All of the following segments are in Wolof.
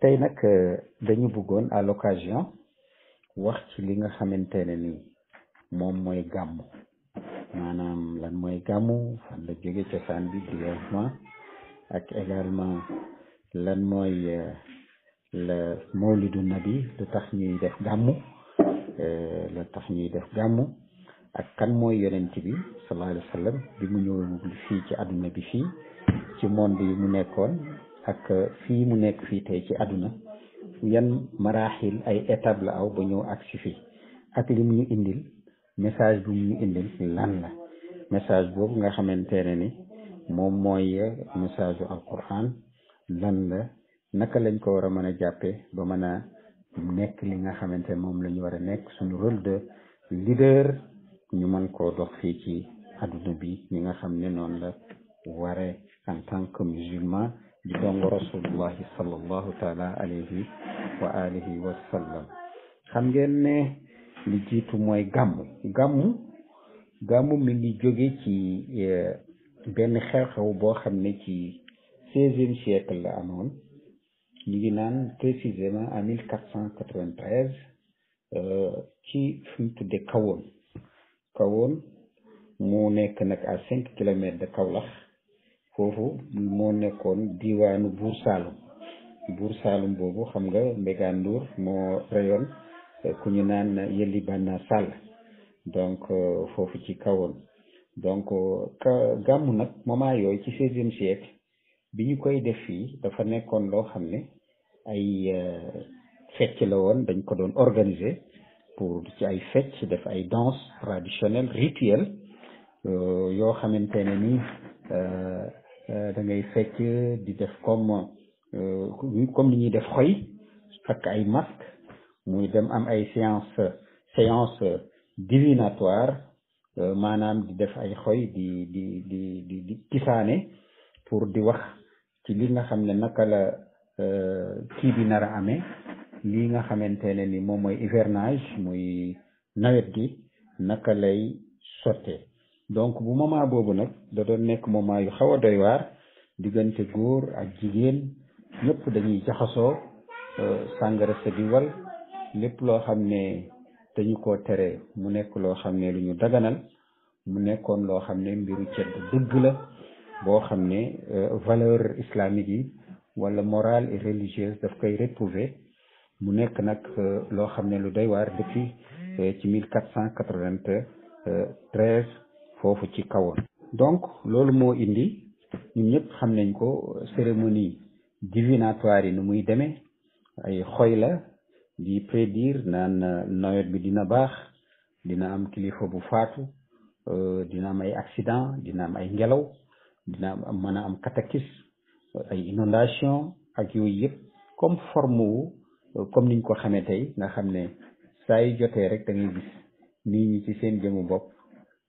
tey nag euh, dañu bëggoon à l'occasion wax ci li nga xamante ne ni moom mooy gàmmu maanaam lan mooy gàmmu fan la jóge cosaan bi brièvement ak également lan mooy euh, la mawlidu nabi lu tax ñuy def gàmmu euh, lu tax ñuy def gàmmu ak kan mooy yonent bi sallallahu alayhi bi mu ñëw fii ci àdduna bi fii ci moom yi mu nekkoon ak euh, fii mu nekk fii tey ci àdduna yan maraaxil ay étape la aw ba ñëw ak si fii ak lim ñu indil message bu mu ñu indil lan la message boobu nga xamante ne ni moom mooy euh, message bu alquran lan la naka lañ ko war a mën a jàppee ba mën a nekk li nga xamante moom lañu ñu war a nekk suñu rôle de leader ñu mën ko dox fii ci àdduna bi ñi nga xam ne noonu la waree en tant musulman di dongo rasulullahi sallallahu taala alayhi wa alihi wa sallam xam ngeen ne li jiitu mooy gàmmu gàmmu gàmmu mi jóge ci eh, benn xew-xew boo xam ne ci seizième siècle la amoon ñu ngi naan précisément à mille quatre cent quatre-vingt-treize eh, ci fi mu kawoon kawoon mu nekk nag à cinq kilomètres de Kaolack foofu moo nekkoon diwaanu Buur Saalum Buur Saalum boobu xam nga Mbéga Ndour moo rayoon eh, ku ñu naan Yelli Banna Sall donc euh, foofu ci kawoon donc euh, ka gàmmu nag moomaa yooyu ci seizième siècle bi ñu koy def fii dafa nekkoon loo xam ne ay euh, fecc la woon dañ ko doon organiser pour ci ay fecc def ay danse traditionnelle rituelle yoo xamante ne Euh, da ngay fecc di def comme euh, comme li ñuy def xoy takk ay masque muy dem am ay séance séance divinatoire euh, maanaam di def ay xoy di di di di di pour di wax ci li nga xam ne naka la kii bi nar a amee lii nga xamante ne ni moom mooy hivernage muy nawet gi naka lay sottee donc bu moment boobu nag da doon nekk moment yu xaw a doy diggante góor ak jigéen ñëpp dañuy jaxasoo euh, sàngara sa di wal lépp loo xam ne dañu ko tere mu nekk loo xam ne lu ñu daganal mu nekkoon loo xam ne mbiru cedd dëgg la boo xam ne euh, valeur islamique yi wala morale et religieuse daf koy retrouver mu nekk nag euh, loo xam ne lu doy waar depuis ci mille quatre cent quatre-vingt-treize foofu ci kawoon donc loolu moo indi ñun ñëpp xam nañ ko cérémonie divinatoire yi nu muy demee ay xoy la di prédire naan euh, nawet bi dina baax dina am kilifa bu faatu euh, dina am ay accident dina am ay ngelaw dina am mën am cataclysme ay inondation ak yooyu yëpp comme forme euh, comme niñ ko xame tey nga xam ne saa yu jotee rek da ngay gis nit ñi ci seen jëmu bopp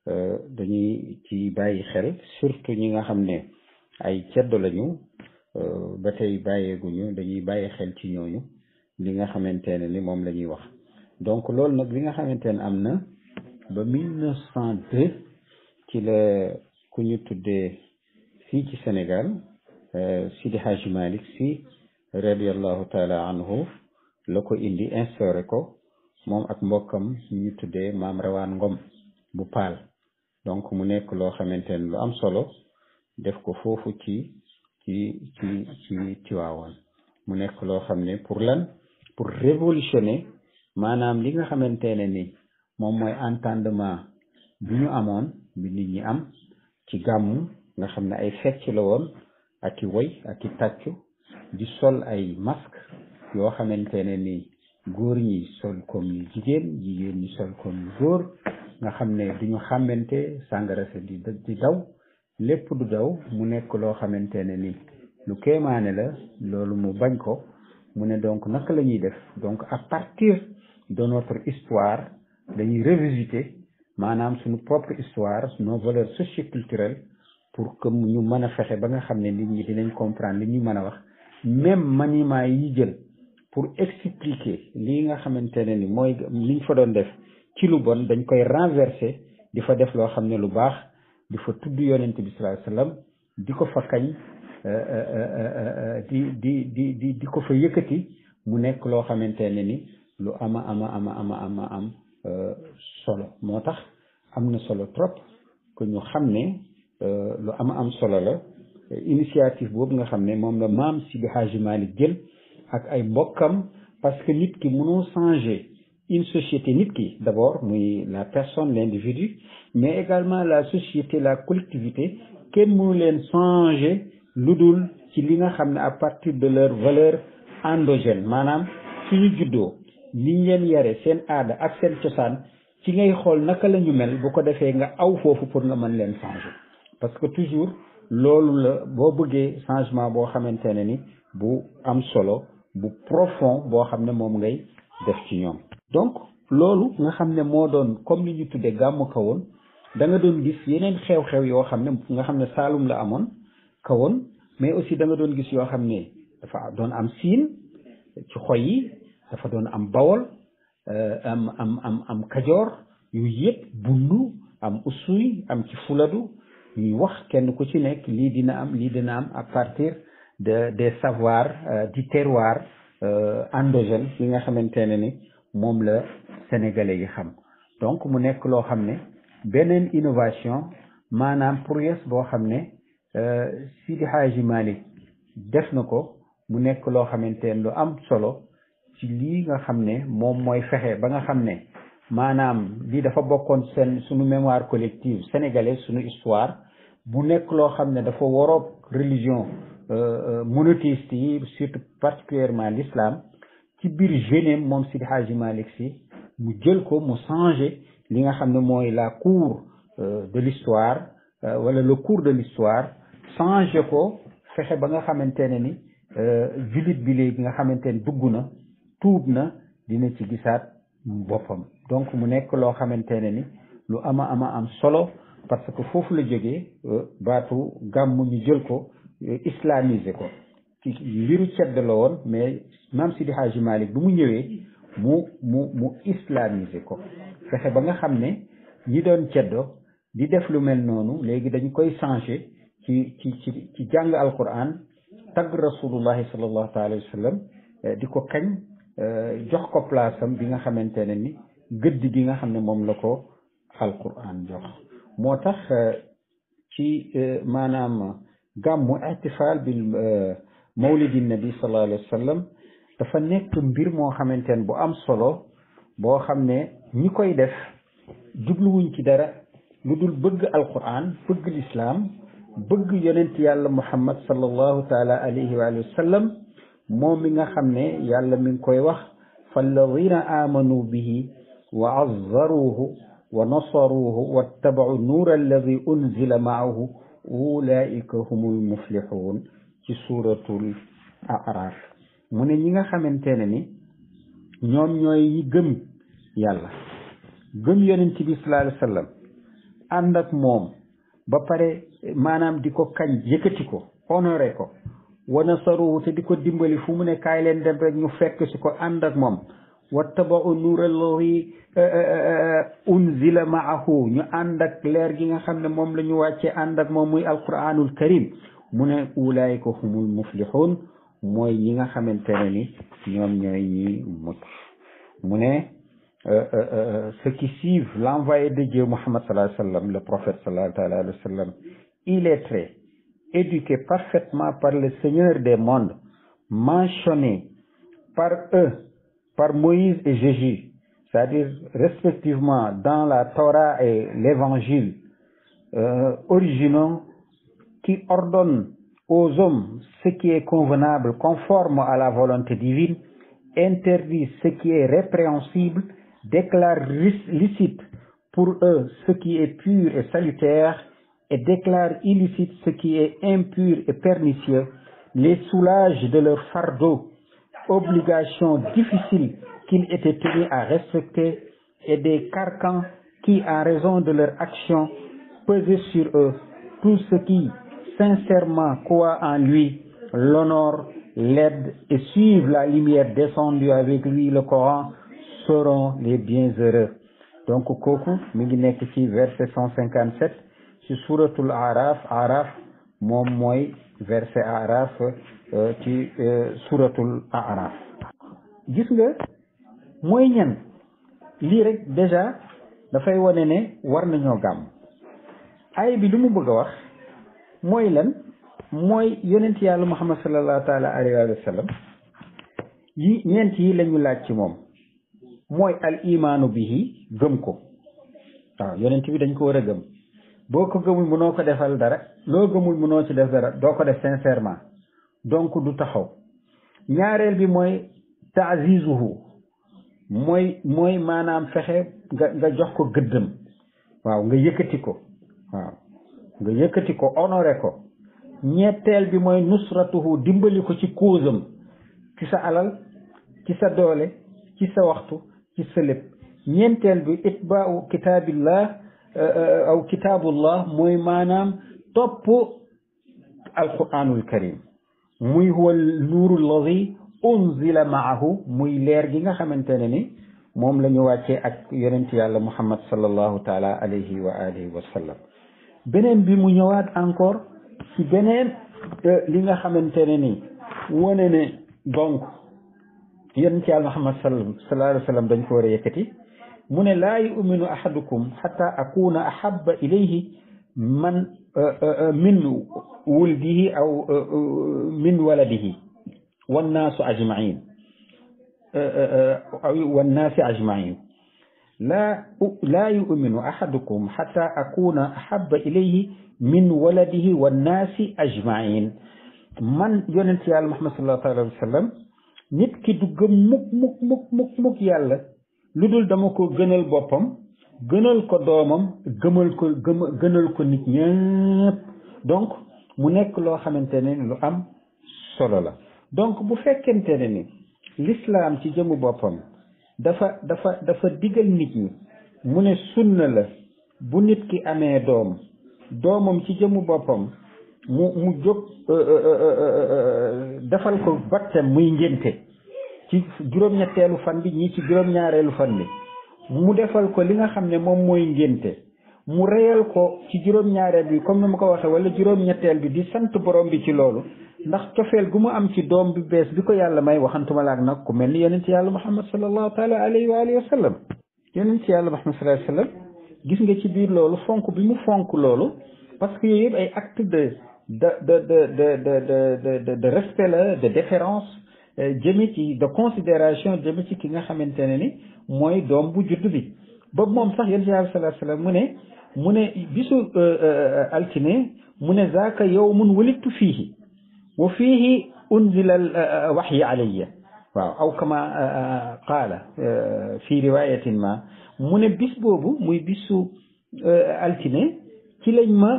Euh, dañuy ci bàyyi xel surtout ñi nga xam ne ay ceddo lañu euh, ba tey bàyyeeguñu dañuy bàyyi xel ci ñooñu li nga xamante ne ni moom lañuy wax donc loolu nag li nga xamante ne am na ba 1902 ci la ku ñu tuddee fii ci Sénégal euh, Sidi Hadj Malick si radiallahu taala anhu la ko indi instauré ko moom ak mbokkam ñu tuddee maam Rawaan Ngom bu Paal donc mu nekk loo xamante ne lu am solo def ko foofu ci ci ci ci Tiwaawan mu nekk loo xam ne pour lan pour révolutionner maanaam li nga xamante ne ni moom mooy entendement bi ñu amoon bi nit ñi am ci gàmmu nga xam ne ay fecc la woon ak woy ak i tàccu di sol ay masque yoo xamante ne ni góor ñi sol comme ni jigéen jigéen ñi sol comme ni góor nga xam ne du ñu xàmmante sàngara si di di daw lépp du daw mu nekk loo xamante ne ni lu kéemaane la loolu mu bañ ko mu ne donc naka la ñuy def donc à partir de notre histoire dañuy revisiter maanaam suñu propre histoire nos valeurs socioculturelles pour que ñu mën a fexe ba nga xam ne nit ñi dinañ comprendre li ñu mën a wax même maniement yi jël pour expliquer lii nga xamante ne ni mooy liñ fa doon def ci lu bon dañ koy renverser di fa def loo xam ne lu baax di fa tudd yonent bi sallallahu alayhi di ko fa kañ euh, euh, euh, di di di di di ko fa yëkkati mu nekk loo xamante ne ni lu ama ama ama ama ama am solo moo tax am na solo trop que ñu xam ne lu ama am solo la initiative boobu nga xam ne moom la maam Sidi Hadji Malick jël ak ay mbokkam parce que nit ki mënoo changer une société nit ki d'abord muy la personne l'individu mais également la société la collectivité kenn mu leen changer lu dul ci li nga xam ne à partir de leur valeur endogène maanaam suñu juddoo liñ leen yare seen aada ak seen cosaan ci ngay xool naka la ñu mel bu ko defee nga aw foofu pour nga mën leen changer parce que toujours loolu la boo bëggee changement boo xamante ne ni bu am solo bu profond boo xam ne moom ngay def ci ñoom donc loolu nga xam ne moo doon comme li ñu tuddee gàmmu kawoon da doon gis yeneen xew-xew yoo xam ne nga xam ne Saalum la amoon kawoon mais aussi da doon gis yoo xam ne dafa doon am siin ci xoy yi dafa doon am bawol euh, am am am am kajoor yu yëpp bundu am usuy am ci fuladu ñuy wax kenn ku ci nekk lii dina am lii dina am à partir de des savoirs euh, du terroir euh, endogène yi nga xamante ne ni moom la sénégalais yi xam donc mu nekk loo xam ne beneen innovation maanaam prouesse boo xam ne euh, Sidi Hadji Malick def na ko mu nekk loo xamante ne lu am solo ci lii nga xam ne moom mooy fexe ba nga xam ne maanaam lii dafa bokkoon seen suñu mémoire collective sénégalais suñu histoire bu nekk loo xam ne dafa waroog religion euh, euh, monothéiste yi surtout particulièrement l'islam ci biir jeuneem moom si Hadji Malick mu jël ko mu changé li nga xam ne mooy la cour euh, de l'histoire euh, wala le cours de l'histoire changé ko fexe ba nga xamante ne ni euh, jullit bi léegi nga xamante ne dugg na tuub na dina ci gisaat boppam donc mu nekk loo xamante ne ni lu ama ama am solo parce que foofu la jóge baatu gàmm ñu jël ko islamiser ko ci mbiru cedd la woon mais maam Sidi Hadji bi mu ñëwee mu mu mu islamisé ko fexe ba nga xam ne ñi doon ceddo di def lu mel noonu léegi dañu koy changé ci ci ci ci jàng alquran tagg rasulullahi sallallahu alayhi wa sallam eh, di ko kañ eh, jox ko place bi nga xamante ne ni gëdd gi nga xam ne moom la ko alquran jox moo tax eh, ci maanaam gàmmu itifaal mawlidi nabi sallallahu alayhi wa sallam dafa nekk mbir moo xamante ne bu am solo boo xam ne ñi koy def jubluwuñ ci dara lu dul bëgg alquran bëgg lislaam bëgg yonent yàlla muhammad sallallahu taala alayhi wa sallam moom mi nga xam ne yàlla mi ngi koy wax falladina amanu bihi wa azzaruhu wa nasaruhu wattabau nuura alladi unzila maahu ulaika humul muflixuun ci suuratul Araaf mu ne ñi nga xamante ne ni ñoom ñooy yi gëm yàlla gëm yonent bi sallallahu alayhi wasallam ànd ak moom ba pare maanaam di ko kañ yëkkati ko honoré ko wana saruhu te di ko dimbali fu mu ne kaay leen dem rek ñu fekk si ko ànd ak moom wattaba'u nuura allazi eh, eh, eh, unzila ma'ahu ñu ànd ak leer gi nga xam ne moom la ñu wàccee ànd ak moom muy alquranul karim mu ne ulaayika humul muflixuun mooy ñi nga xamante ne ni ñoom ñooy ñi mucc mu ne euh, euh, euh, ceux qui suivent l'envoyé de Dieu Muhammad le alayhi wa sallam le prophète sallallahu alayhi wa sallam illettré parfaitement par le Seigneur des mondes mentionné par eux par Moïse et Jésus c'est-à-dire respectivement dans la Torah et l'évangile euh, originaux qui ordonne aux hommes ce qui est convenable conforme à la volonté divine, interdit ce qui est répréhensible, déclare licite pour eux ce qui est pur et salutaire, et déclare illicite ce qui est impur et pernicieux, les soulage de leur fardeau, obligation difficile qu'ils étaient tenus à respecter, et des carcans qui, en raison de leur action, pesaient sur eux tout ce qui sincèrement croient en lui, l'honorent, l'aident et suivent la lumière descendue avec lui, le Coran, seront les bienheureux. donc kooku mu ngi nekk ci verset 157 ci suratul araf araf moom mooy verset araf euh, ci euh, suratul araf gis nga mooy ñan lii rek déjà dafay wane ne war nañoo gàmm ay bi lu mu bëgg wax mooy lan mooy yonent yàlla muhammad sallallahu taala alayhi wa sallam yi ñeent yi lañu laaj ci moom mooy al imaanu bihi gëm ko waaw yonent bi dañ ko war a gëm boo ko gëmul mënoo ko defal dara loo gëmul mënoo ci def dara doo ko def sincèrement donc du taxaw ñaareel bi mooy taazizuhu mooy mooy maanaam fexe nga nga jox ko gëddam waaw nga yëkkati ko waaw nga yëkkati ko honoré ko ñetteel bi mooy nusratuhu dimbali ko ci kuusam ci sa alal ci sa doole ci sa waxtu ci sa lépp ñeenteel bi itbaau kitaabillah euh, euh, aw kitaabullah mooy maanaam topp alquranul karim muy huwa nuuru lladi unzila maahu muy leer gi nga xamante ne ni moom la ñu wàccee ak yonent yàlla muhammad sallallahu taala alayhi wa alihi wa sallam beneen bi mu ñëwaat encore ci beneen euh, li nga xamante ne nii wane ne donc yonent yàlla Muhammad sallallahu alayhi wa sallam dañ ko war a yëkkati mu ne laa yu'minu ahadukum hatta akuna ahabba ilayhi man euh, euh, min wuldihi aw min waladihi wannaasu ajmain aw wannaasi ajmain laa laa yuminu ahadukum xata akuna ahaba ilayhi min waladihi wa naasi ajmain man yonent yàlla muhammad sallallahu alayhi wa sallam nit ki du gëm mukk mukk mukk mukk mukk yàlla lu dul dama ko gënal boppam gënal ko doomam gëmal ko gëm gënal ko nit ñëpp donc mu nekk loo xamante ne lu am solo la donc bu fekkente ne ni l'islam ci jëmu boppam dafa dafa dafa digal nit ñi mu ne sunna la bu nit ki amee doom doomam ci jëmu boppam mu mu jóg euh, euh, euh, defal ko battem muy ngénte ci juróom-ñetteelu fan bi ñii ci juróom-ñaareelu fan bi mu defal ko li nga xam ne moom mooy ngénte mu reyal ko ci juróom-ñaareel bi comme ni ma ko waxee wala juróom-ñetteel bi di sant borom bi ci loolu ndax cofeel gu mu am ci doom bu bees bi ko yàlla may waxantuma laak nag ku mel ni yonent yàlla muhammad sallallahu taala alayhi wa alihi wa sallam yonent yàlla muhammad sallallahu alayhi wa sallam gis nga ci biir loolu fonk bi mu fonk loolu parce que yooyu yëpp ay acte de de de de de de de respect la de déférence euh, jëme ci de considération jëme ci ki nga xamante ne ni mooy doom bu judd ba moom sax yéen si yàlla sallallahu alayhi wa sallam mu ne mu ne bisu euh, euh, altine mu ne zaaka yawmun wulidtu fiihi wa fiihi unzila al euh, waxyi alayya waaw aw kama qaala fi riwayatin ma mu ne bis boobu muy bisu altine ci lañ ma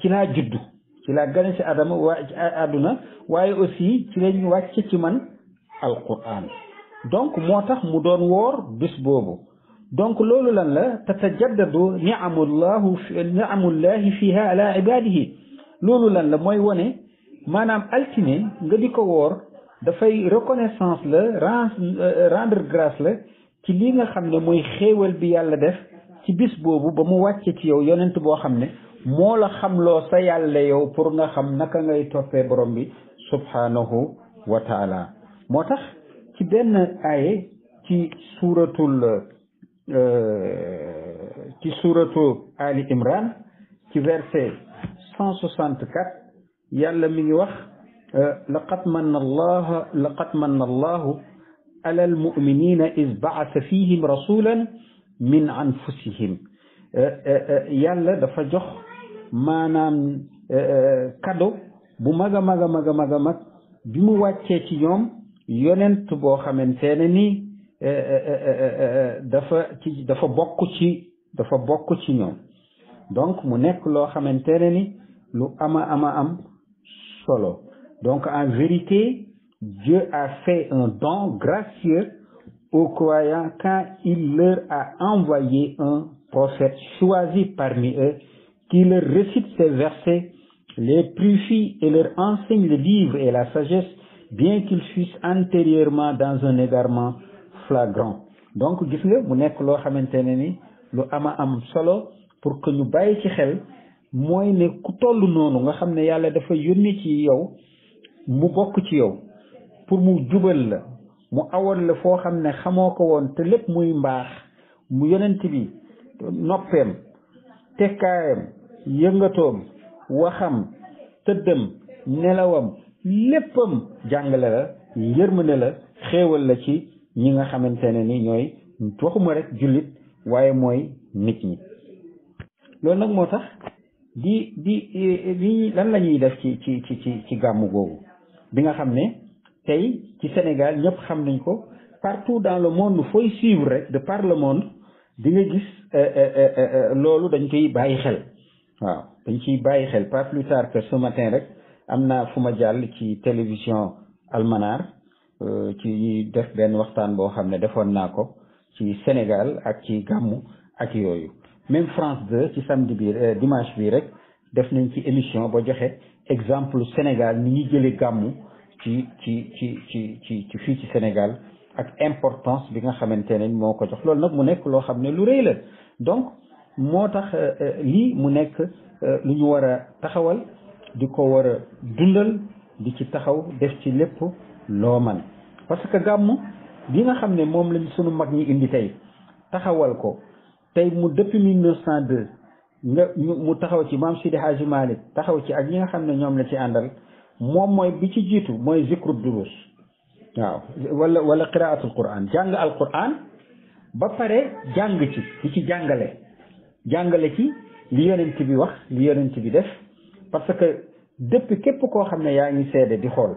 ci laa juddu ci laa gane si adama wa àdduna waaye aussi ci lañ wàcce ci man alquran donc moo tax mu doon woor bis boobu donc loolu lan la tatajaddadu niamullahu niamullahi fiha ala ibadihi loolu lan la mooy wone maanaam altine nga di ko woor dafay reconnaissance la euh, rendre grâce la ci li nga xam ne mooy xéewal bi yàlla def ci bis boobu ba mu wàcce ci yow yonent boo xam ne moo la xamloo sa yàlla yow pour nga xam naka ngay toppee borom bi subhanahu wa taala moo tax ci benn aaye ci suuratul Euh, ci suuratu Ali Imran ci verset cent soixante-quatre yàlla mi ngi wax euh, laqad manna allah laqad manna allahu ala almuminina iz baasa fihim rasulan min anfusihim euh, yàlla dafa jox maanaam cadeau bu mag a mag a mag a mag a mag bi mu wàccee ci ñoom yonent boo xamante ne nii Eh, eh, eh, dafa ci dafa bokk ci dafa bokk ci ñoom donc mu nekk loo xamante ne ni lu ama ama am solo donc en vérité Dieu a fait un don gracieux aux croyants quand il leur a envoyé un prophète choisi parmi eux qui leur récite ces versets, les purifie et leur enseigne le livre et la sagesse, bien qu'ils fussent antérieurement dans un égarement flagrant donc gis nga mu nekk loo xamante ne ni lu ama am solo pour que ñu bàyyi ci xel mooy ne ku toll noonu nga xam ne yàlla dafa yónni ci yow mu bokk ci yow pour mu jubal la mu awoon la foo xam ne xamoo ko woon te lépp muy mbaax mu yonent bi noppeem tekkaayam yëngatoom waxam tëddam nelawam léppam jàngale la yërmande la xéewal la ci ñi nga xamante ne ni ñooy waxuma rek jullit waaye mooy nit ñi loolu nag moo tax di di di lan la ñuy def ci ci ci ci ci gàmmu googu bi nga xam ne tey ci Sénégal ñëpp xam nañ ko partout dans le monde fooy suivre rek de part le monde di nga gis euh, euh, euh, loolu dañ koy bàyyi xel waaw dañ ciy bàyyi xel pas plus tard que ce matin rek am naa fu ma jàll ci télévision Almanar Euh, ci def benn waxtaan boo xam ne defoon naa ko ci Sénégal ak ci gàmmu ak yooyu même France 2 ci samedi bi euh, dimanche bi rek def nañ ci émission ba joxee exemple Sénégal ni ñuy jëlee gàmmu ci ci ci ci fii ci Sénégal ak importance bi nga xamante ne moo ko jox loolu nag mu nekk loo xam ne lu rëy la donc moo tax euh, lii mu nekk lu ñu war a taxawal di ko war a dundal di ci taxaw def ci lépp loo man parce que gàmm gi nga xam ne moom lañ sunu mag ñi indi tey taxawal ko tey mu depuis 1902 nga mu taxaw ci maam Sidi Hadji Malick taxaw ci ak yi nga xam ne ñoom la ci àndal moom mooy bi ci jiitu mooy zikru durus waaw wala wala qiraatul quran jàng al quran ba pare jàng ci di ci jàngale jàngale ci li yonent bi wax li yonent bi def parce que dëpp képp koo xam ne yaa ngi seede di xool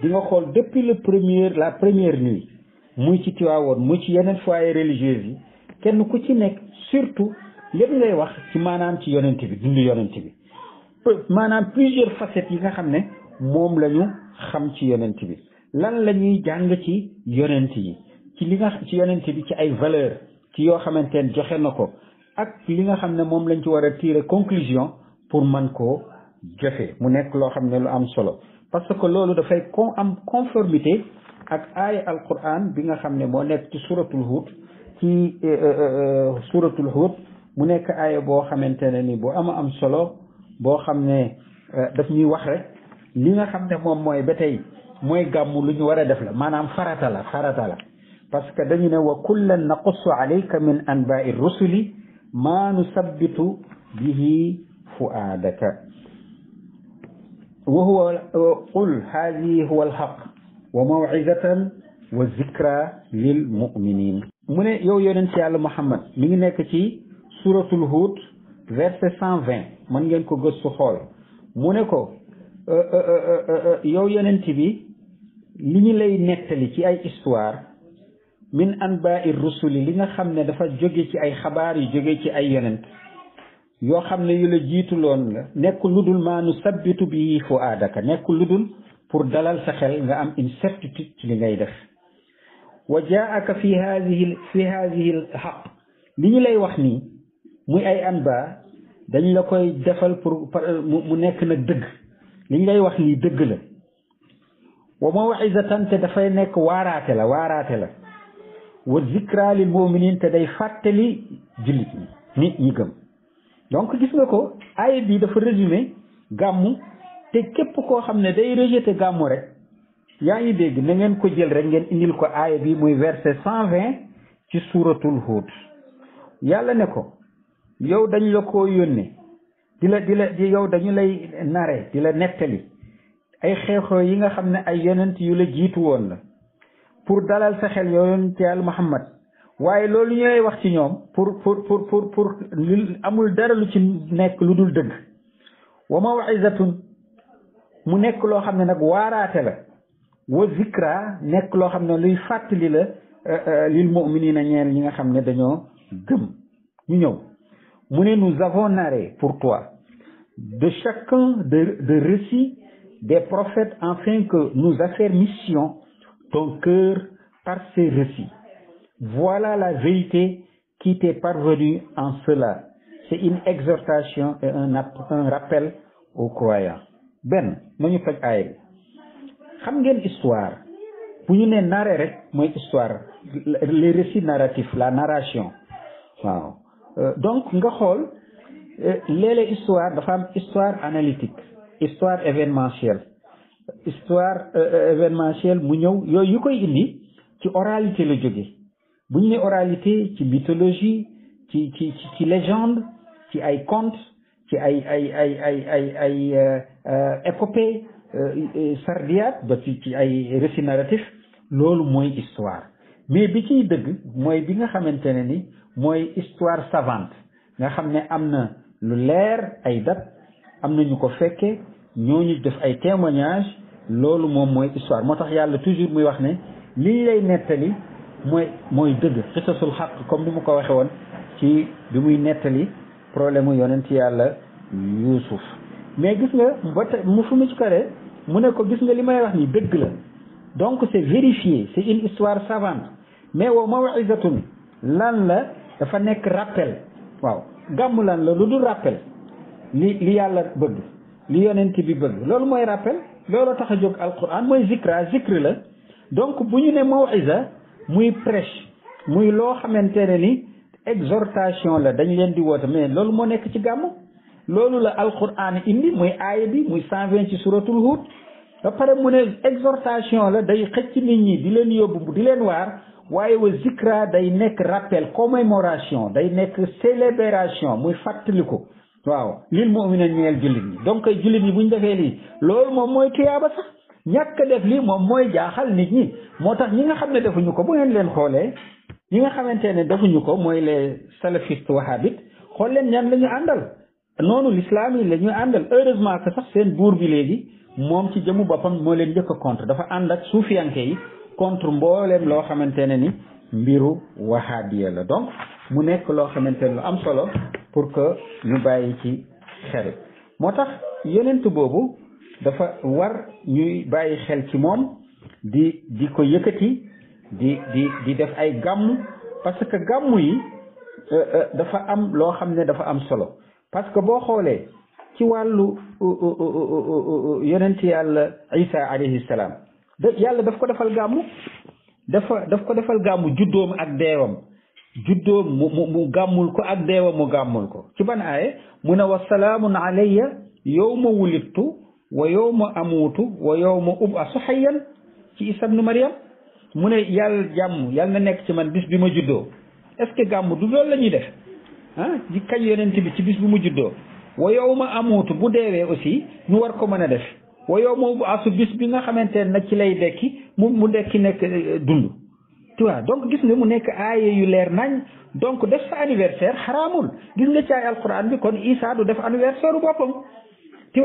di nga xool depuis le premier la première nuit muy ci Tiwaawoon muy ci yeneen foyer religieux yi kenn ku ci nekk surtout lépp ngay wax ci maanaam ci yonent bi dund yonent bi euh, maanaam plusieurs facettes yi nga xam ne moom la ñu xam ci yonent bi lan la ñuy jàng ci yonent yi ci li nga ci yonent bi ci ay valeur ci yoo xamante ne joxe na ko ak li nga xam ne moom lañ ci war a tiire conclusion pour man koo jëfe mu nekk loo xam ne lu am solo parce que loolu dafay ko am conformité ak aaya alquran bi nga xam ne moo nekk ci suratul Hud ci eh, eh, eh, suratul Hud mu nekk aaya boo xamante ne ni bu ama am solo boo xam ne daf ñuy wax rek li nga xam ne moom mooy ba tey mooy gàmmu lu ñu war a def la maanaam farata la farata la parce que dañu ne wa kullan naqussu alayka min anba'i rusuli maa nusabbitu bihi fuaadaka wa huwa qul haadihi huwa alxaq wa mawizatan wa zikra lil muminin mu ne yow yonent yàlla Muhammad mi ngi nekk ci suratul Hud verset cent mën ngeen ko gëstu xool mu ne ko euh, euh, euh, yow yonent bi li ñu lay nettali ci ay histoire min anba'i rusuli li nga xam ne dafa jóge ci ay xabaar yu jóge ci ay yonent yoo xam ne yu la jiitu loon la nekkul lu dul maanu sabbitu bi fu aadaka nekkul lu dul pour dalal sa xel nga am une ci li ngay def wa jaaka fi haadihi fi li ñu lay wax ni muy ay anba dañ la koy defal pour mu nekk nag dëgg li ñu lay wax nii dëgg la wa mawizatan te dafay nekk waaraate la waaraate la wa zikra lil muminin te day fàttali jullit ñi ñi gëm donc gis nga ko aaya bi dafa résumé gàmmu te képp koo xam ne day rejeté gàmmu rek yaa ngi dégg na ngeen ko jël rek ngeen indil ko aaya bi muy verset cent vingt ci suuratul Huud yàlla ne ko yow dañ la ko yónnee di la di la di yow dañu lay nare di la nettali ay xew-xew yi nga xam ne ay yonent yu la jiitu woon la pour dalal sa xel yow yonent yàlla Muhammad waaye loolu ñooy wax ci ñoom pour pour pour pour pour amul dara lu ci nekk lu dul dëgg wa mawizatun mu nekk loo xam ne nag waaraate la wa zikra nekk loo xam ne luy fàttali la euh, euh, lil muminina ñeer ñi nga xam ne dañoo gëm ñu ñëw mu ne nous avons narré pour toi de chacun de de récits des prophètes afin que nous affermissions ton cœur par ces récits Voilà la vérité qui t'est parvenue en cela. C'est une exhortation et un, rappel aux croyants. benn ma ñu faj aay xam ngeen histoire bu ñu ne narré rek mooy histoire les récits narratifs la narration waaw euh, donc nga xool euh, léeg-léeg histoire dafa am histoire analytique histoire événementielle histoire euh, événementielle mu ñëw yooyu yu koy indi ci oralité la jóge bu ñu ne oralité ci mythologie ci ci ci légende ci ay conte ci ay ay ay ay ay ay euh, euh, épopée euh, sardiate ba ci ci ay récit narratif loolu mooy histoire mais bi ciy dëgg mooy bi nga xamante ne ni mooy histoire savante nga xam ne am na lu leer ay date am na ñu ko fekke ñooñu def ay témoignages loolu moom mooy histoire moo tax yàlla toujours muy wax ne liñ lay nettali mooy mooy dëgg xisasul xaq comme ni mu ko waxee woon ci bi muy nettali problème mu yonent yàlla yuusuf mais gis nga ba tey mu fu mu ci kare mu ne ko gis nga li may wax ni dëgg la donc c'est vérifié c'est une histoire savante mais wa mawizatun lan la dafa nekk rappel waaw gàmm lan la lu dul rappel li li yàlla bëgg li yonent bi bëgg loolu mooy rappel loolu tax a jóg alquran mooy zikra zikr la donc bu ñu ne mawiza muy prêche muy loo xamante ne ni exhortation la dañ leen di woote mais loolu moo nekk ci gàmm loolu la alquran indi muy aaya bi muy 120 ci suratul Hud ba pare mu ne exhortation la day xëcc nit ñi di leen yóbbu di leen waar waaye wa zikra day nekk rappel commémoration day nekk célébration muy fàttaliku waaw lil mu'minin ñeel jullit ñi donc jullit ñi buñ defee lii loolu moom mooy tuyaaba sax ñàkk def lii moom mooy jaaxal nit ñi moo tax ñi nga xam ne defuñu ko bu ngeen leen xoolee ñi nga xamante ne defuñu ko mooy les salafistes wahhabites xool leen ñan lañu àndal noonu l'islam yi la ñu àndal heureusement que sax seen buur bi léegi moom ci jëmu boppam moo leen jëkk a contre dafa ànd ak suufiyanke yi contre mbooleem loo xamante ne ni mbiru wahhabiya la donc mu nekk loo xamante ne lu am solo pour que ñu bàyyi ci xel moo tax yonent boobu dafa war ñuy bàyyi xel ci moom di di ko yëkkati di di def ay gàmm parce que gàmm yi euh, euh, dafa am loo xam ne dafa am solo parce que boo xoolee ci wàllu euh, yonent yàlla isa alayhi salaam yàlla daf ko defal gàmm dafa daf ko defal gàmm juddoom ak deewam juddoom mu mu mu gàmmul ko ak deewam mu gàmmul ko ci ban aaye mu ne wa salaamun alayya yawma wulittu yow ma wa yawma amuutu wa yawma ub'asu yan ci Isa ibnu Maryam mu ne yàlla jàmm yàlla na nekk ci man bis bi ma juddoo est-ce que gàmm du loolu la ñuy def ah di kañ yonent bi ci bis bi mu juddoo wa ma amuutu bu deewee aussi ñu war ko mën a def wa yawma ub'asu bis bi nga xamante ne nag ci lay dekki mu mu dekki nekk euh, dund tu donc gis nga mu nekk aaye yu leer nañ donc def sa anniversaire xaraamul gis nga ci ay alquran bi kon Isa du def anniversaire u boppam tu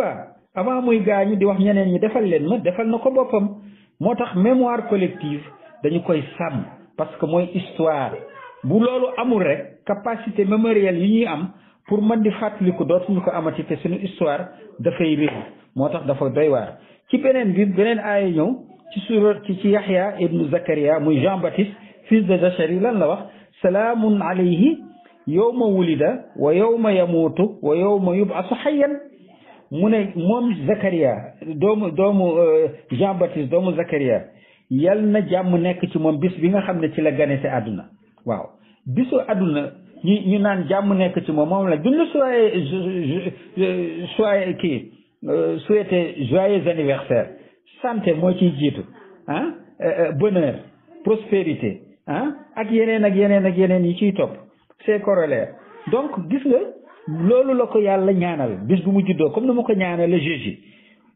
avant muy gaañu di wax ñeneen ñi defal leen ma defal na ko boppam moo tax mémoire collective dañu koy sàmm parce que mooy histoire bu loolu amul rek capacité mémorielle yi ñuy am pour man di fàttaliku dootuñu ko amati te suñu histoire dafay réer moo tax dafa doy waar ci beneen bi beneen aaya ñëw ci surat ci ci Yaxya ibnu Zakaria muy Jean Baptiste fils de Zachari lan la wax salaamun alayhi yawma wulida wa yow yawma yamuutu wa yawma yubasu xayyan mu ne moom Zakaria doomu doomu euh, Jean Baptiste doomu Zakaria yal na jàmm nekk ci moom bis bi nga xam ne ci la si àdduna waaw bisu àdduna ñu ñu naan jàmm nekk ci moom moom la duñ la soye kii euh, souhaité joyeux anniversaire santé moo ciy jiitu ah euh, prospérité ah, ak yeneen ak yeneen ak yeneen yi ciy topp c'est corollaire donc gis nga loolu la ko yàlla ñaanal bis bu mu juddoo comme ni ma ko ñaanale jésus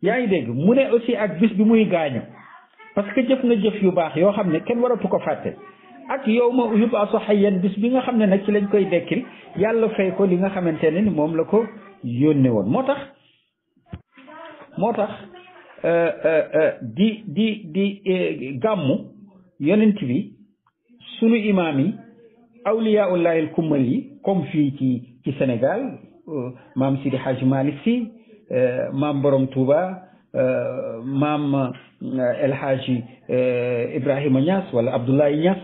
yaa ngi dégg mu ne aussi ak bis bi muy gaañu parce que jëf na jëf yu baax yoo xam ne kenn waratu ko fàtte ak yow ma yubaasu hayyan bis bi nga xam ne nag ci lañ koy dekkil yàlla fay ko li nga xamante ne ni moom la ko yónnee woon moo tax moo tax euh, euh, euh, di di di gàmmu yonent bi sunu imaam yi awliyaa ullaahil kummal yi comme fii ci ci senegal euh, maam Sidi Hadj Malick Sy euh, maam Borom Touba euh, maam El Hadj Ibrahima Niass wala Abdoulaye Niass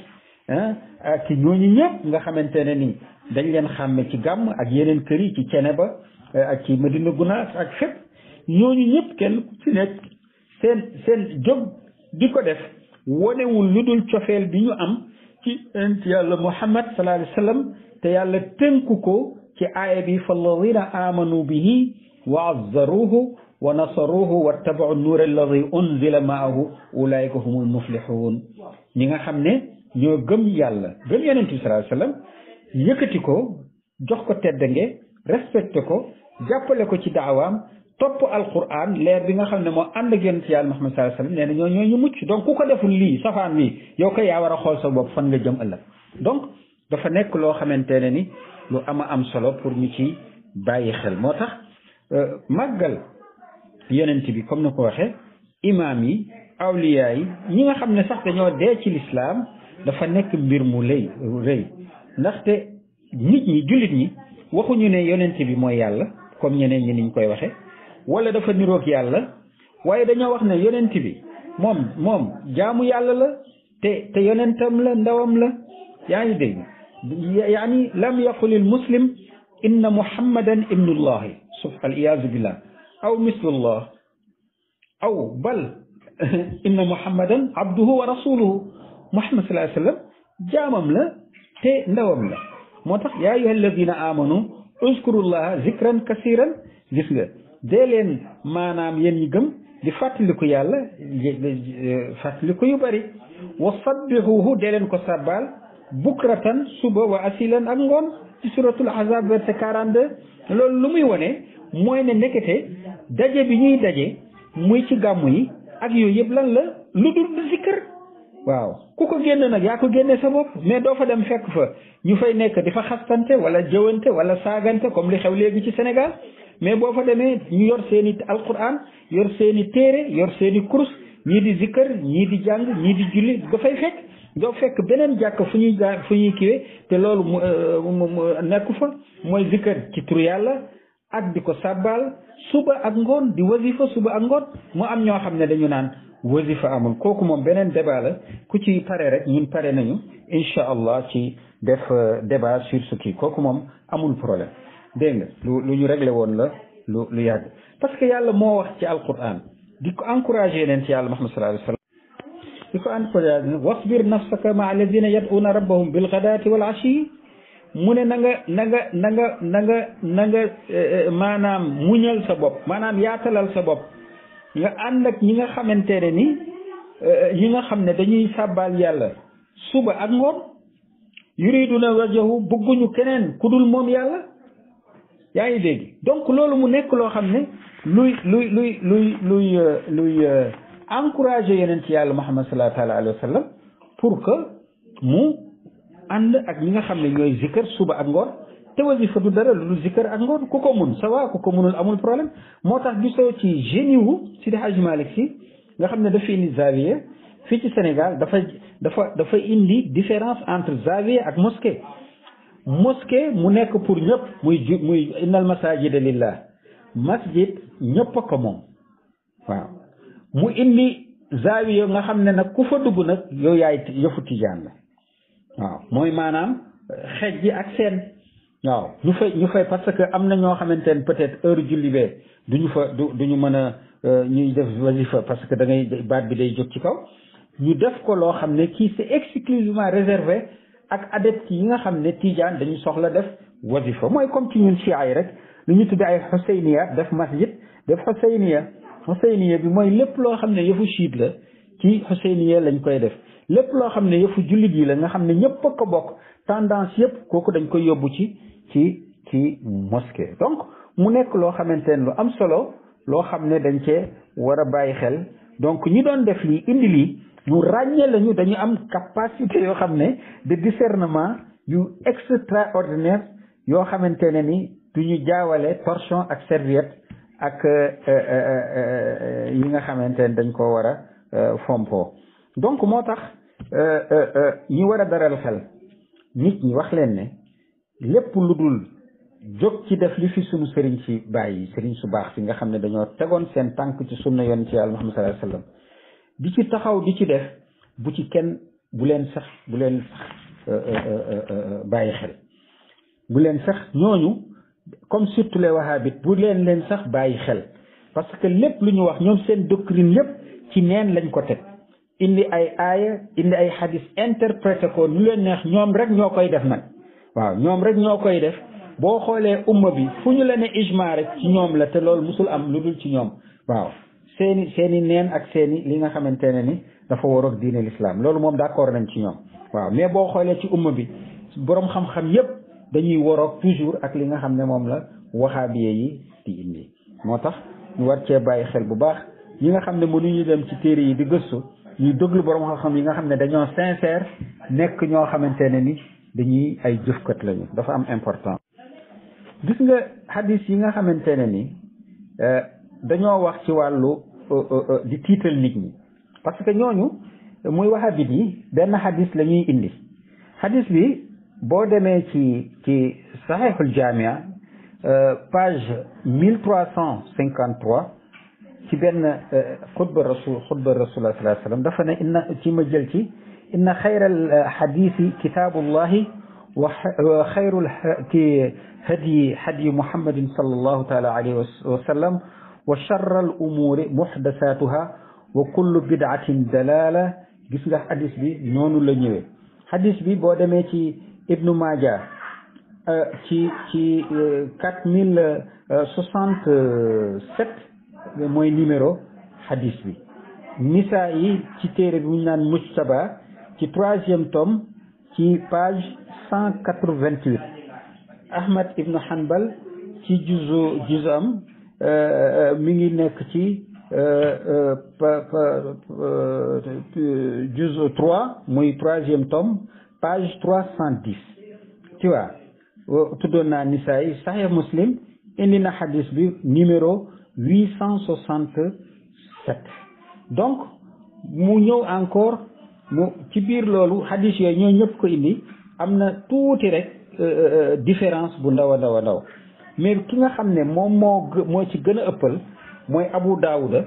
ak ñooñu ñëpp nga xamante ne ni dañ leen xàmme ci gàmm ak yeneen kër yi ci ba ak ci Medina Gunaas ak fépp ñooñu ñëpp kenn ku ci nekk seen seen jóg di ko def wonewul lu dul cofeel bi ñu am ci yàlla Muhammad sallallahu alayhi te yàlla tënku ko ci aaya bi fa alladina amanu bihi wa azzaruhu wa nasaruhu wattabau nuur alladi unzila maahu ulaika humul muflihun ñi nga xam ne ñoo gëm yàlla gëm yonent bi sallallahu alayhi wasallam yëkkati ko jox ko teddange respecté ko jàppale ko ci daawaam topp alquran leer bi nga xam ne moo and ak yonent yàlla Muhammad sallallahu alayhi wasallam nee na ñoo ñoo ñu mucc donc ku ko deful lii safaan wi yow kay yaa war a xool sa bopp fan nga jëm ëllëg donc dafa nekk loo xamante ne ni lu ama am solo pour ñu ci bàyyi xel moo tax euh, màggal yonent bi comme na ko waxee imaam yi awliya yi ñi nga xam ne sax dañoo dee ci lislaam dafa nekk mbir mu lëy rëy ndaxte nit ñi jullit ñi waxuñu ne yonent bi mooy yàlla comme ñeneen ñi niñ koy waxee wala dafa niroog yàlla waaye dañoo wax ne yonent bi moom moom jaamu yàlla la te te yonentam la ndawam la yaa ngi dégg yaani lam yaqul il muslim inna muhammadan ibnullahi suuf al iyaazu billah aw mislullah aw bal inna muhammadan abduhu wa rasuluhu muhammad sallallahu alayhi wa sallam jaamam la te ndawam la moo tax yaa ayyuha alladina amanu uzkurullaha zikran kasiran gis nga dee leen maanaam yéen ñi gëm di fàttaliku yàlla fàttaliku yu bëri wa sabbihuhu dee leen ko sabbaal bukratan suba wa asilan ak ngoon ci suratul ahzab verset 42 loolu lu muy wone mooy ne ndekete daje bi ñuy daje muy ci gàmm yi ak yooyu yëpp lan la lu dul du zikkër waaw ku ko génn nag yaa ko génne sa bopp mais doo fa dem fekk fa ñu fay nekk di fa xastante wala jëwante wala saagante comme li xew léegi ci Sénégal mais boo fa demee ñu yor seen i alquran yor seeni téere yor seeni i kurus ñii di zikkër ñii di jàng ñii di julli dafay fekk nga fekk beneen jàkk fu ñuy gaa fu ñuy te loolu euh, mu nekku fa mooy zikkar ci tur yàlla ak di ko sàbbaal suba ak ngoon di wasifa suba ak ngoon mu am ñoo xam ne dañu naan wasifa amul kooku moom beneen débat la ku ci pare rek ñun pare nañu incha allah ci def euh, débat sur ce kooku moom amul problème dégg nga lu lu ñu réglé woon la lu lu yàgg parce que yàlla moo wax ci alquran di ko encouragé leen ci yàlla Muhammad sallallahu alayhi wa li ko encouragé wasbir nafsaka ma alladina yad'una rabbahum bil ghadaati wal ashi mu ne na nga na nga na nga na nga na nga eh, eh, maanaam muñal sa bopp maanaam yaatalal sa bopp nga ànd ak ñi nga xamante ne ni eh, ñi nga xam ne dañuy sàbbaal yàlla suba ak ngoon yuriduna wajahu bëgguñu keneen ku dul moom yàlla yaa ngi dégg donc loolu mu nekk loo xam ne luy luy luy luy luy luy encouragé yonent yàlla Muhammad sallallahu taala alayhi wa pour que mu ànd ak ñi nga xam ne ñooy zikkër suba ak ngoon te wasifa du dara lu dul zikkër ak ngoon ku ko mun ça ku ko mënul amul problème moo tax gisoo ci génie wu Sidi Hadj Malick si nga xam ne dafa indi zawiya fii ci Sénégal dafa dafa dafa indi différence entre zawiya ak mosquée mosquée mu nekk pour ñëpp muy muy innal masajida lillah masjid ñëpp a ko moom waaw mu indi zaawiya nga xam ne nag ku fa dugg nag yow yaay yëfu tijaan la waaw mooy maanaam eh, xeej bi ak seen waaw ñu fay ñu fay parce que am na ñoo xamante ne peut-être heure julli bee du ñu fa du du ñu mën a eh, ñuy def wasifa parce que da ngay baat bi day jóg ci kaw ñu def ko loo xam ne kii c'est exclusivement réservé ak adeptes yi nga xam ne tijaan dañu soxla def wasifa mooy comme ci ñun siyaay rek lu ñu tuddee ay xuseyniya def masjid def xuseyniya xuseyniya bi mooy lépp loo xam ne yëfu chiite la ci xuseyniya lañ koy def lépp loo xam ne yëfu jullit yi la nga xam ne ñëpp a ko bokk tendance yëpp kooku dañ koy yóbbu ci ci ci mosquée donc mu nekk loo xamante ne lu am solo loo xam ne dañ cee war a bàyyi xel donc ñi doon def lii indi lii ñu ràññee lañu dañu am capacité yoo xam ne de discernement yu extraordinaire yoo xamante ne ni du ñu jaawale torchon ak serviette ak yi nga xamante ne dañ koo war a fompo donc moo tax ñi war a daral xel nit ñi wax leen ne lépp lu dul jóg ci def li fi sunu sëriñ ci bàyyi sëriñ su baax fi nga xam ne dañoo tegoon seen tànk ci sunna yoon ci yàlla Muhammad sallallahu alayhi wasallam di ci taxaw di ci def bu ci kenn bu leen sax bu leen sax bàyyi xel bu leen sax ñooñu comme surtout les wahhabites bu leen leen sax bàyyi xel parce que lépp lu ñu wax ñoom seen doctrine lépp ci neen lañ ko teg indi ay aaya indi ay hadis interprété ko lu leen neex ñoom rek ñoo koy def nag waaw ñoom rek ñoo koy def boo xoolee umma bi fu ñu la ne ijma rek ci ñoom la te loolu musul am lu dul ci ñoom waaw seeni seeni neen ak seeni li nga xamante ne ni dafa war ak diine l'islam loolu moom d'accord nañ ci ñoom waaw mais boo xoolee ci umma bi boroom xam-xam dañuy woroog toujours ak li nga xam ne moom la yee yi di indi moo tax ñu war cee bàyyi xel bu baax ñi nga xam ne mënuñu dem ci téere yi di gëstu ñuy déglu borom xam-xam yi nga xam ne dañoo sincère nekk ñoo xamante ne ni dañuy ay jëfkat lañu dafa am important. gis nga hadis yi nga xamante ne ni euh, dañoo wax ci wàllu euh, euh, di tiital nit ñi parce que ñooñu muy waxaabit yi benn hadis lañuy ñuy indi hadis bi. boo demee ci ci saxiixul jaamia euh, page mille trois cent cinquante trois ci benn euh, xutba rasul xutba rasulullah sallallahu alayhi wasallam dafa ne inna ci ma jël ci inna xayral xadiisi kitaabullahi wa xayrul ki hadyi hadyi muhammadin sallallahu taala alayhi wa sallam wa sharral umuuri muhdasaatuha wa kullu bidaatin dalaala gis nga hadis bi noonu la ñëwee hadis bi boo demee ci Ibnu Maaja euh, ci ci euh, quatre mille soixante sept euh, mooy numéro hadith bi nisaa yi ci téere bi ñu naan Mujtaba ci troisième tome ci page cent quatre vingt huit Ahmad Ibn Hanbal ci juzu juzam mi ngi nekk ci juzu trois muy troisième tome page trois cent dix tu tuddoon naa nisaay yi saxiix muslim indi na xadis bi numéro huit cent soixante sept donc mu ñëw encore mu ci biir loolu xadis yooyu ñoo ñëpp ko indi am na tuuti rek e, e, e, différence bu ndaw a ndaw mais ki nga xam ne moom moo moo ci gën a ëppal mooy Abu Daawuda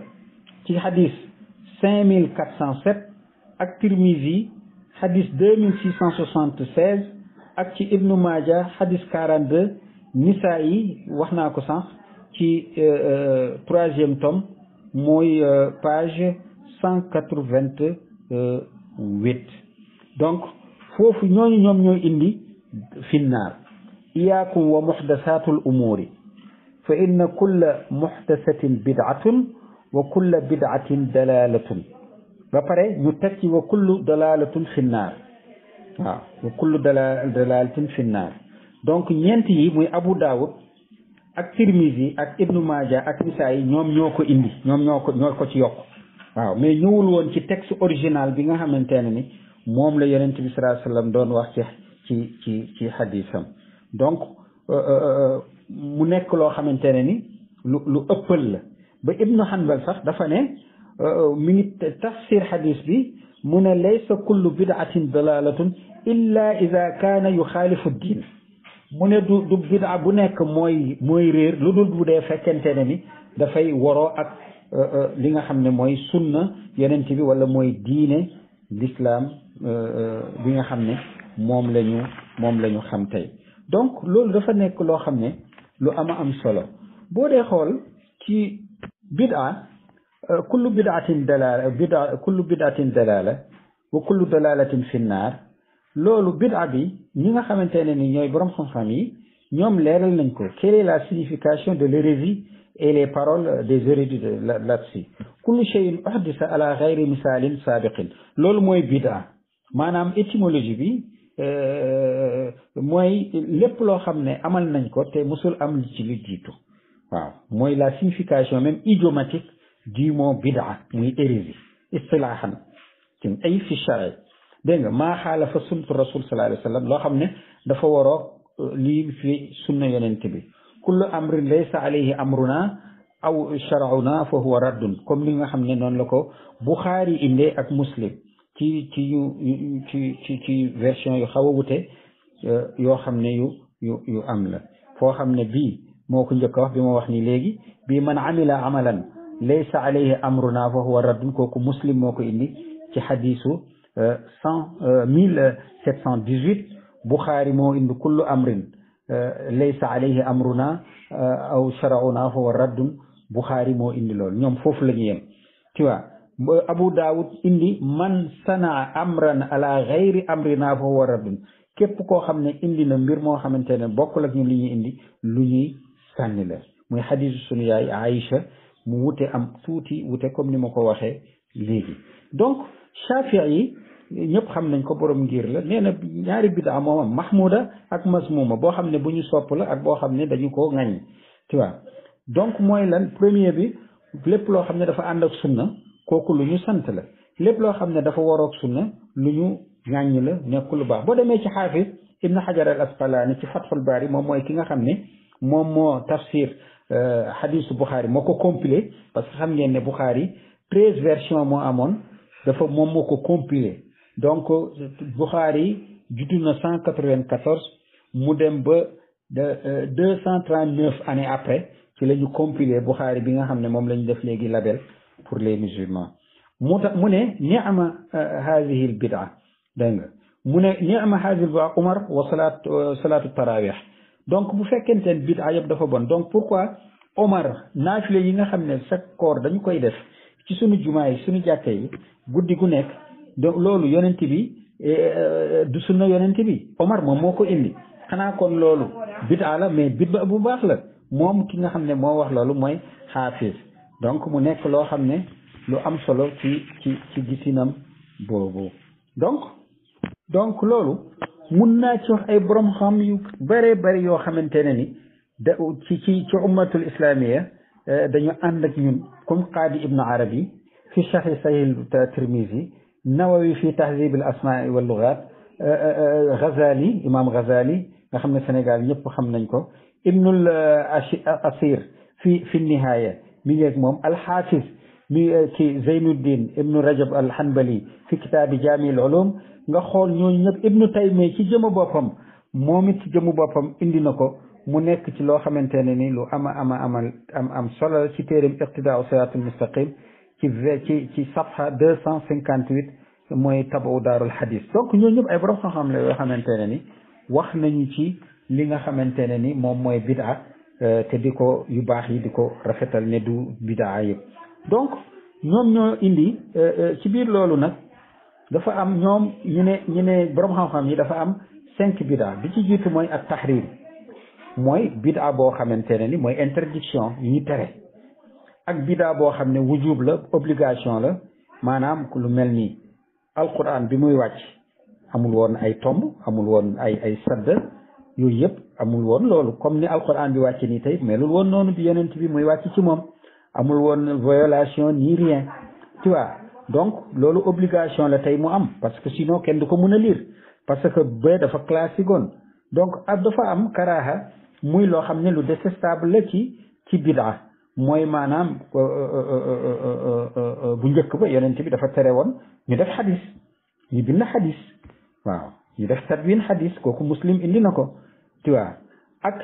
ci xadis cinq mille quatre cent sept ak Tirmizi xadis 2676 ak ci ibnu Maaja xadis 42 nisaa yi wax naa ko sànq ci euh, euh, troisième tome mooy euh, page 188 donc foofu ñooñu ñoom ñooy indi finnaar iyaakum wa muxdasatul umuuri fa inna kulla muxdasatin bid'atun wa kulla bid'atin dalalatun ba pare ñu teg ci wa kullu dalaalatin finnaar waaw wa kullu dala finnaar donc ñeent yi muy Abu Daawud ak Tirmizi ak Ibnu Maaja ak Nisaa'i ñoom ñoo ko indi ñoom ñoo ko ñoo ko ci yokk waaw mais ñëwul woon ci texte original bi nga xamante ne ni moom la yonent bi sallallahu doon wax ci ci ci ci donc euh, euh, euh, mu nekk loo xamante ne ni lu lu ëppal la ba Ibnu Hanbal sax dafa ne mu ngi tafsir xadis bi mu ne laysa kullu bidaatin dalalatun illa ida kaana yu yuxaalifu diin mu ne du du bidaa bu nekk mooy mooy réer lu dul bu dee fekkente ne ni dafay waroo ak euh, euh, li nga xam ne mooy sunna yenent bi wala mooy diine l'islam euh, bi nga xam ne moom la moom la ñu xam tey donc loolu dafa nekk loo xam ne lu ama am solo boo dee xool ci bidaa kullu bidaatin dalaala bida kullu bidaatin dalaala wa kullu dalaalatin fi naar loolu bidaa bi ñu nga xamante ne ni ñooy borom xam-xam yi ñoom leeral nañ ko quelle la signification de l'hérésie et les paroles des érudits là-dessus kullu u uhdisa ala ghayri misalin sabiqin loolu mooy bidaa maanaam étymologie bi euh, mooy lépp loo xam ne amal nañ ko te mosul am ci lu jiitu waaw mooy la signification même idiomatique jii moo bidaa muy hérésie istilaahan ci ay fi shari dégg nga maa xaalafa suntu rasul sallallahu alayhi wa loo xam ne dafa waroo euh, lii fi sunna yonent bi kullu amrin laysa alayhi amruna aw sharauna fa huwa raddun comme li nga xam ne noonu la ko Buxaari indee ak Muslim ci ci ci ci ci version yu xaw a wute euh, yoo xam ne yu yu yu am la foo xam ne bii moo ko njëkk a wax bi ma wax ni léegi bii man amila amalan laysa alayhi amruna fa huwa raddun kooku muslim moo ko indi ci xadisu euh, cent euh, mille sept cent dix huit buxaari moo indi kullu amrin euh, laysa alayhi amruna aw sharauna fa huwa raddun buxaari moo indi lool ñoom foofu la ñu yem abu daawud indi man sanaa amran ala gayri amrina fa huwa raddun képp koo xam ni indi na mbir moo xamante ne bokk ak ñun li indi lu ñuy sànni la muy xadisu sunu yaay mu wute am tuuti wute comme ni ma ko waxee léegi donc Shafii yi ñëpp xam nañ ko borom ngir la nee na ñaari bidaa moom am mahmuda ak masmuma boo xam ne bu ñu sopp la ak boo xam ne dañu ko ŋañ tu vois donc mooy lan premier bi lépp loo xam ne dafa ànd ak sunna kooku lu ñu sant la lépp loo xam ne dafa waroog sunna lu ñu ŋàññ la nekk lu baax boo demee ci xaafis ibn xajar al asqalaani ci fatxul yi moom mooy ki nga xam ne moom moo tafsir xadisu euh, Bukhari moo ko compilé parce que xam ngeen ne Bukhari treize versions moo amoon dafa moom moo ko compilé donc Bukhari juddu na cent quatre-vingt-quatorze mu dem ba euh, deux cent trente-neuf années après ci la ñu compilé Bukhari bi nga xam ne moom la ñu def léegi label pour les musulmans mu tax mu ne ni'ma euh, haadihi al bid'a dégg nga mu ne ni'ma haadihi al bid'a Umar wa salaatu salaatu tarawih donc bu fekkente ne bid'a yëpp dafa bon donc pourquoi Omar naafile yi nga xam ne sa koor dañu koy def ci suñu jumaa yi suñu jàkka yi guddi gu nekk donc loolu yonent bi eh, eh, du sunna yonent bi Omar moom moo ko indi xanaa kon loolu bid'a la mais bid'a bu baax la moom ki nga xam ne moo wax loolu mooy xaafis donc mu nekk loo xam ne lu am solo ci ci ci gisinam boobu donc donc loolu mun naa ci wax ay borom xam yu bëree bëri yoo xamante ne ni da ci ci ci ummatul islamiya eh, dañu ànd ak ñun comme qaadi ibnu arabi fi sharhi sahih tirmisi nawawi fi tahdib al asmaa wal lugat eh, eh, Ghazali imam Ghazali nga xam ne Sénégal ñëpp xam nañ ko ibnul asir fi fi nihaaya mi ngeeg moom alxaafis mi ci Zeynuddin ibnu Rajab al Hanbali fi kitaabi jaami al ulum nga xool ñoo ñëpp ibnu taymiya ci jëmu boppam moom it ci jëmu boppam indi na ko mu nekk ci loo xamante ne ni lu ama ama amal am am solo ci téeréem iqtidaau siraatul mustaqim ci v ci ci safha deux cent cinquante huit mooy tabu daarul hadis donc ñooñu ñëpp ay borom xam-xam la yoo xamante ne ni wax nañu ci li nga xamante ne ni moom mooy bidaa euh, te di ko yu baax yi di ko rafetal ne du bidaa yëpp donc ñoom ñoo indi euh, euh, ci biir loolu nag dafa am ñoom ñu ne ñu ne borom xam-xam yi dafa am cinq bida bi ci jiitu mooy ak tahrim mooy bida boo xamante ne ni mooy interdiction yu ñu tere ak bida boo xam ne wujub la obligation la maanaam lu mel nii alquran bi muy wàcc amul woon ay tomb amul woon ay ay sadd yooyu yëpp amul woon loolu comme ni alquran bi wàcc ni tey melul woon noonu bi yonent bi muy wàcc ci moom amul woon violation ni rien tu donc loolu obligation la tey mu am parce que sinon kenn du ko mën a lire parce que ba dafa classique woon donc ak dafa am karaaha muy loo xam ne lu détestable la ci ci bidaa mooy maanaam euh, euh, euh, bu njëkk ba yonent bi dafa tere woon ñu def xadis ñu bind xadis waaw ñu def tadwin xadis kooku muslim indi na ko tu vois ak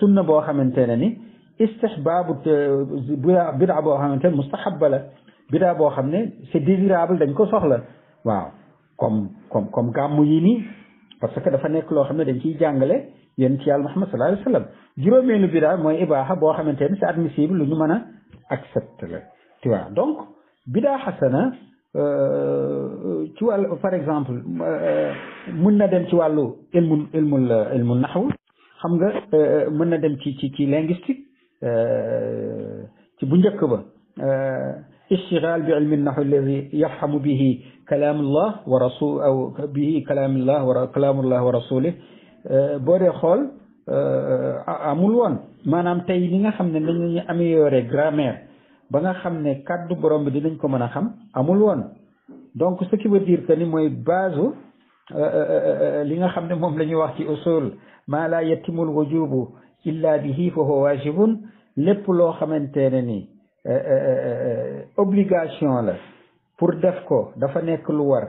sunna boo xamante ne ni istihbaabu bidaa boo xamante ne mustahab bidaa boo xam ne c'est désirable dañ ko soxla waaw comme comme comme gàmmu yi nii parce que dafa nekk loo xam ne dañ ci jàngale yéen ci yàlla Muhammad sallallahu alayhi wa sallam juróomeelu bidaa mooy ibaaxa boo xamante ne c'est admissible lu ñu mën a accepter donc bidaa xasana euh, ci wàll par exemple euh, mën na dem ci wàllu ilmul ilmul ilmul xam nga euh, mën na dem ci ci ci linguistique ci bu njëkk ba istigaal bi ilmi nahu alladi yafhamu bihi kalaamullah wa rasul aw bihi kalaamullah wa kalaamullah wa rasulih euh, boo dee xool euh, amul woon maanaam tey li nga xam ne dañuy améliorer grammaire ba nga xam ne kàddu borom bi dinañ ko mën a xam amul woon donc ce qui veut dire que ni mooy base euh, li nga xam ne moom la ñuy wax ci usul ma la yatimul wujubu illa bihi fa huwa wajibun lépp loo xamante ne ni Eh, eh, eh, obligation la pour def ko dafa nekk lu war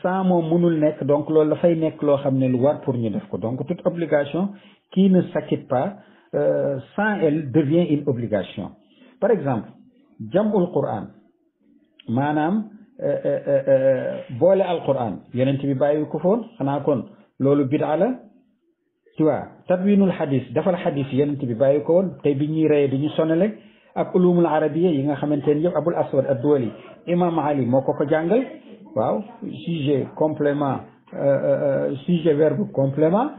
sans moom mënul nekk donc loolu dafay nekk loo xam ne lu war pour ñu def ko donc toute obligation qui ne s'acquitte pas euh, sans elle devient une obligation par exemple jamul quran maanaam boole al quran yonent bi bàyyi ko foon xanaa kon loolu bidaa la tu vois tadwinul xadis defal xadis yonent bi bàyyi ko woon tey bi ñuy reyee di ñu sonale ak ulumul arabiya yi nga xamante ne yëpp abul aswad ad-duwali imam ali moo ko ko jàngal waaw sujet complément euh, euh, euh, sujet verbe complément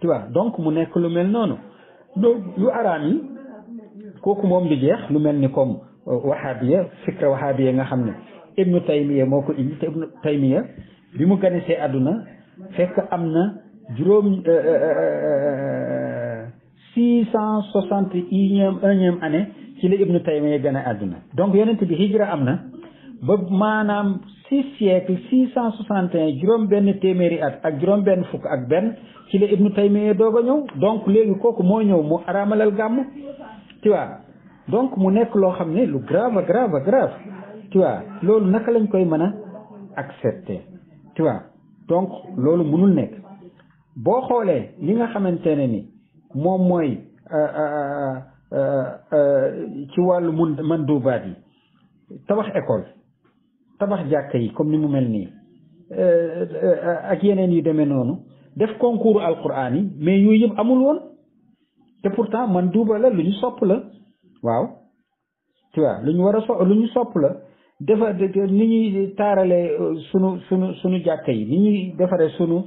tu vois donc mu nekk lu mel noonu donc yu araam yi kooku moom di jeex lu mel ni comme wahabiya fikra wahabiya nga xam ne ibnu taymiya moo ko indi te ibnu taymiya bi mu ganisee àdduna fekk am na juróom euh, euh, euh, six cent soixante unième unième année ci la ibnu taymiya gën a àdduna donc yonent bi hijra am na ba maanaam six siècle six cent soixante et un juróom benn téeméeri at ak juróom benn fukk ak benn ci la ibnu taymiya doog a ñëw donc léegi kooku moo ñëw mu araamalal gàmm tu donc mu nekk loo xam ne lu grave grave grave tu loolu naka lañ koy mën a accepter tu donc loolu mënul nekk boo xoolee li nga xamante ne ni moom mooy euh, euh, euh, ci wàllu mun man duubaat yi tabax ecole tabax jàkka yi comme ni mu mel nii ak yeneen yu demee noonu def concours alquran yi mais yooyu yëpp amul woon te pourtant man duuba la lu ñu sopp la waaw tu vois lu ñu war a so lu ñu sopp la defa ni ñuy taarale sunu sunu sunu jàkka yi ni ñuy defaree sunu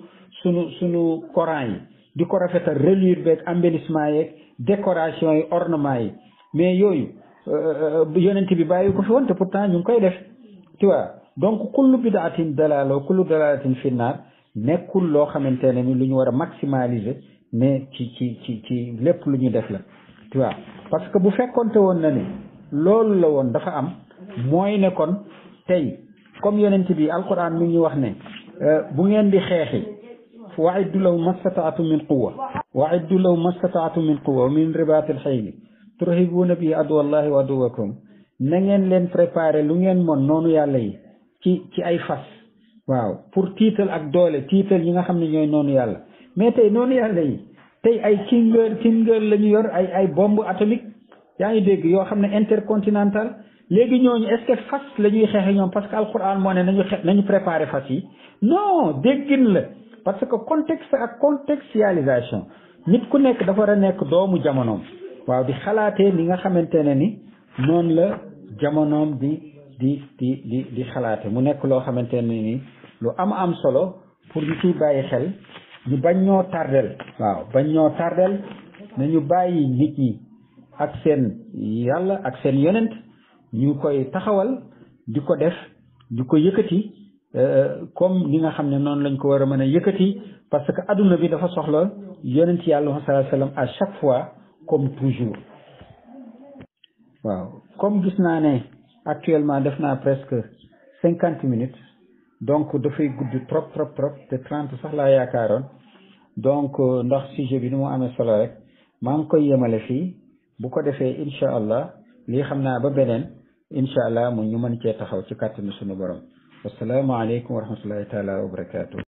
suñu sunu Coran yi di ko rafetal reliure beeg embellissement yeeg décoration yi ornement yi mais yooyu euh, euh, yonent bi bàyyi ko fi woon te pourtant ñu ngi koy def tu donc kullu bidaatin dalaala kullu dalaalatin nekkul loo xamante ne ni lu ñu war a maximaliser mais ci ci ci ci lépp lu ñu def la tu parce que bu fekkonte woon na ni loolu la woon dafa am mooy nekkoon tey comme yonent bi alquran mi ñu wax ne euh, bu ngeen di xeexi wa iddu law mastataatu min quwa wa iddu law mastataatu min quwa min ribaatil xayli turhibuuna bi aduwallahi wa aduwakum na ngeen leen préparé lu ngeen moon noonu yàlla yi ci ci ay fas waaw pour tiital ak doole tiital yi nga xam ne ñooy noonu yàlla mais tey noonu yàlla yi tey ay kingër kingër la ñu yor ay ay bomb atomique yaa ngi dégg yoo xam ne intercontinental léegi ñooñu est-ce fas la ñuy xeexe ñoom parce que alquran moo ne nañu xe nañu préparé fas yi non déggin la parce que contexte ak contextualisation nit ku nekk dafa war a nekk doomu jamonoom waaw di xalaatee li nga xamante ne ni noonu la jamonoom di di di di xalaate mu nekk loo xamante ne ni lu am am solo pour ñu ciy bàyyi xel ñu bañ ñoo tardel waaw bañ ñoo tardel nañu bàyyi nit ñi ak seen yàlla ak seen yonent ñu koy taxawal di ko def ñu ko yëkkati Euh, comme li nga xam ne noonu lañ ko war a mën a yëkkati parce que adduna bi dafa soxla yonent yàlla wa sallam chaque fois comme toujours waaw comme gis naa ne actuellement def naa presque cinquante minutes donc dafay gudd trop trop trop te trente sax laa yaakaaroon donc euh, ndax sujet bi ni mu amee solo rek maa ngi koy yemale fii bu ko defee incha allah lii xam naa ba beneen incha allah mu ñu mën cee taxaw ci kàttanu suñu borom wassalaamu aleykum wa rahmatullahi taala wa barakaatu.